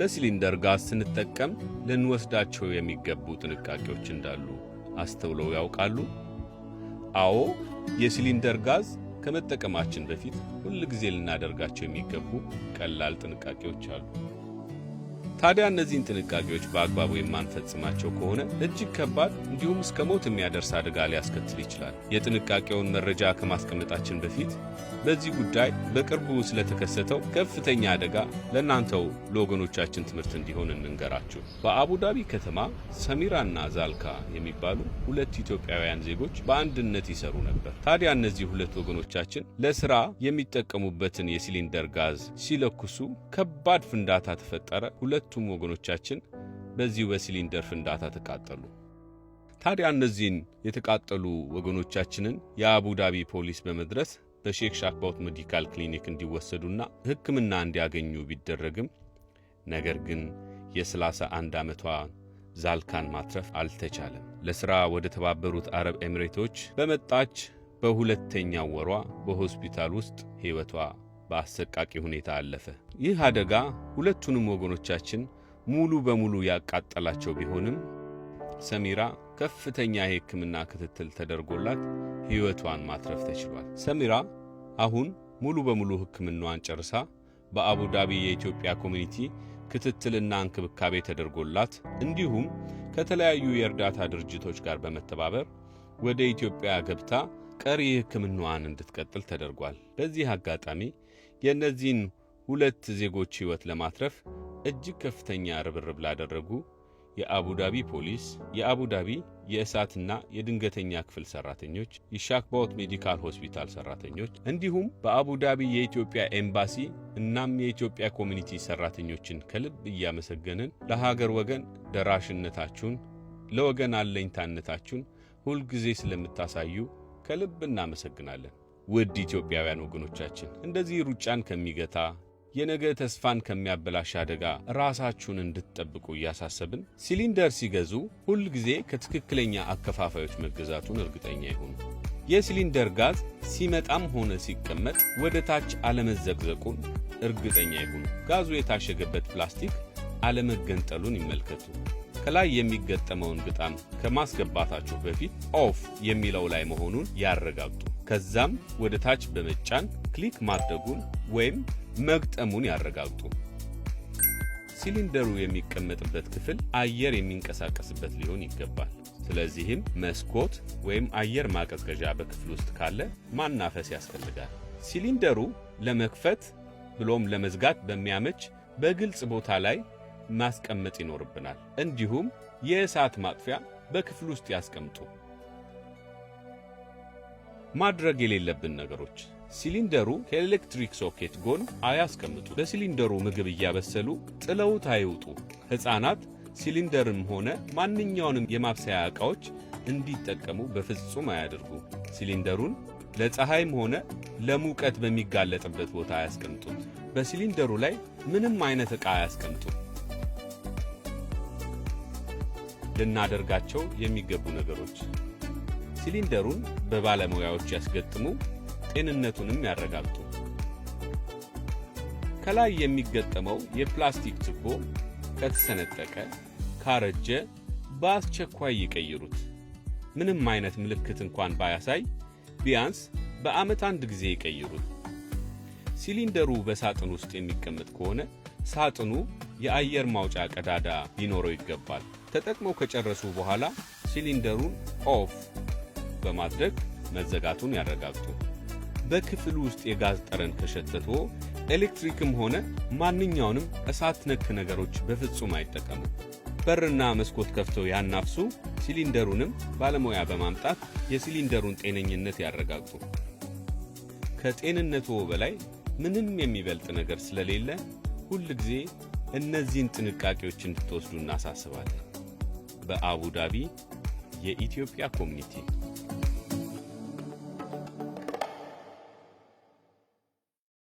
በሲሊንደር ጋዝ ስንጠቀም ልንወስዳቸው የሚገቡ ጥንቃቄዎች እንዳሉ አስተውለው ያውቃሉ? አዎ፣ የሲሊንደር ጋዝ ከመጠቀማችን በፊት ሁል ጊዜ ልናደርጋቸው የሚገቡ ቀላል ጥንቃቄዎች አሉ። ታዲያ እነዚህን ጥንቃቄዎች በአግባቡ የማንፈጽማቸው ከሆነ እጅግ ከባድ እንዲሁም እስከ ሞት የሚያደርስ አደጋ ሊያስከትል ይችላል። የጥንቃቄውን መረጃ ከማስቀመጣችን በፊት በዚህ ጉዳይ በቅርቡ ስለተከሰተው ከፍተኛ አደጋ ለእናንተው ለወገኖቻችን ትምህርት እንዲሆን እንንገራችሁ። በአቡዳቢ ከተማ ሰሚራና ዛልካ የሚባሉ ሁለት ኢትዮጵያውያን ዜጎች በአንድነት ይሰሩ ነበር። ታዲያ እነዚህ ሁለት ወገኖቻችን ለስራ የሚጠቀሙበትን የሲሊንደር ጋዝ ሲለኩሱ ከባድ ፍንዳታ ተፈጠረ። ሁለት ሁለቱም ወገኖቻችን በዚሁ በሲሊንደር ፍንዳታ ተቃጠሉ። ታዲያ እነዚህን የተቃጠሉ ወገኖቻችንን የአቡዳቢ ፖሊስ በመድረስ በሼክ ሻክባውት ሜዲካል ክሊኒክ እንዲወሰዱና ሕክምና እንዲያገኙ ቢደረግም ነገር ግን የ አንድ ዓመቷ ዛልካን ማትረፍ አልተቻለም። ለሥራ ወደ ተባበሩት አረብ ኤምሬቶች በመጣች በሁለተኛው ወሯ በሆስፒታል ውስጥ ሕይወቷ በአሰቃቂ ሁኔታ አለፈ። ይህ አደጋ ሁለቱንም ወገኖቻችን ሙሉ በሙሉ ያቃጠላቸው ቢሆንም ሰሚራ ከፍተኛ የሕክምና ክትትል ተደርጎላት ሕይወቷን ማትረፍ ተችሏል። ሰሚራ አሁን ሙሉ በሙሉ ሕክምናዋን ጨርሳ በአቡዳቢ የኢትዮጵያ ኮሚኒቲ ክትትልና እንክብካቤ ተደርጎላት እንዲሁም ከተለያዩ የእርዳታ ድርጅቶች ጋር በመተባበር ወደ ኢትዮጵያ ገብታ ቀሪ ሕክምናዋን እንድትቀጥል ተደርጓል። በዚህ አጋጣሚ የእነዚህን ሁለት ዜጎች ሕይወት ለማትረፍ እጅግ ከፍተኛ ርብርብ ላደረጉ የአቡዳቢ ፖሊስ፣ የአቡዳቢ የእሳትና የድንገተኛ ክፍል ሰራተኞች፣ የሻክባውት ሜዲካል ሆስፒታል ሰራተኞች እንዲሁም በአቡዳቢ የኢትዮጵያ ኤምባሲ እናም የኢትዮጵያ ኮሚኒቲ ሰራተኞችን ከልብ እያመሰገንን ለሀገር ወገን ደራሽነታችሁን ለወገን አለኝታነታችሁን ሁልጊዜ ስለምታሳዩ ከልብ እናመሰግናለን። ውድ ኢትዮጵያውያን ወገኖቻችን እንደዚህ ሩጫን ከሚገታ የነገ ተስፋን ከሚያበላሽ አደጋ ራሳችሁን እንድትጠብቁ እያሳሰብን ሲሊንደር ሲገዙ ሁል ጊዜ ከትክክለኛ አከፋፋዮች መገዛቱን እርግጠኛ ይሁኑ። የሲሊንደር ጋዝ ሲመጣም ሆነ ሲቀመጥ ወደ ታች አለመዘቅዘቁን እርግጠኛ ይሁኑ። ጋዙ የታሸገበት ፕላስቲክ አለመገንጠሉን ይመልከቱ። ከላይ የሚገጠመውን ግጣም ከማስገባታችሁ በፊት ኦፍ የሚለው ላይ መሆኑን ያረጋግጡ። ከዛም ወደ ታች በመጫን ክሊክ ማድረጉን ወይም መግጠሙን ያረጋግጡ። ሲሊንደሩ የሚቀመጥበት ክፍል አየር የሚንቀሳቀስበት ሊሆን ይገባል። ስለዚህም መስኮት ወይም አየር ማቀዝቀዣ በክፍል ውስጥ ካለ ማናፈስ ያስፈልጋል። ሲሊንደሩ ለመክፈት ብሎም ለመዝጋት በሚያመች በግልጽ ቦታ ላይ ማስቀመጥ ይኖርብናል። እንዲሁም የእሳት ማጥፊያ በክፍል ውስጥ ያስቀምጡ። ማድረግ የሌለብን ነገሮች ሲሊንደሩ ከኤሌክትሪክ ሶኬት ጎን አያስቀምጡ። በሲሊንደሩ ምግብ እያበሰሉ ጥለውት አይውጡ። ሕፃናት ሲሊንደርም ሆነ ማንኛውንም የማብሰያ ዕቃዎች እንዲጠቀሙ በፍጹም አያድርጉ። ሲሊንደሩን ለፀሐይም ሆነ ለሙቀት በሚጋለጥበት ቦታ አያስቀምጡት። በሲሊንደሩ ላይ ምንም አይነት ዕቃ አያስቀምጡ። ልናደርጋቸው የሚገቡ ነገሮች ሲሊንደሩን በባለሙያዎች ያስገጥሙ፣ ጤንነቱንም ያረጋግጡ። ከላይ የሚገጠመው የፕላስቲክ ቱቦ ከተሰነጠቀ፣ ካረጀ በአስቸኳይ ይቀይሩት። ምንም አይነት ምልክት እንኳን ባያሳይ ቢያንስ በዓመት አንድ ጊዜ ይቀይሩት። ሲሊንደሩ በሳጥን ውስጥ የሚቀመጥ ከሆነ ሳጥኑ የአየር ማውጫ ቀዳዳ ሊኖረው ይገባል። ተጠቅመው ከጨረሱ በኋላ ሲሊንደሩን ኦፍ በማድረግ መዘጋቱን ያረጋግጡ። በክፍል ውስጥ የጋዝ ጠረን ከሸተቶ ኤሌክትሪክም ሆነ ማንኛውንም እሳት ነክ ነገሮች በፍጹም አይጠቀሙ። በርና መስኮት ከፍተው ያናፍሱ። ሲሊንደሩንም ባለሙያ በማምጣት የሲሊንደሩን ጤነኝነት ያረጋግጡ። ከጤንነቱ በላይ ምንም የሚበልጥ ነገር ስለሌለ ሁል ጊዜ እነዚህን ጥንቃቄዎች እንድትወስዱ እናሳስባለን። በአቡ ዳቢ የኢትዮጵያ ኮሚኒቲ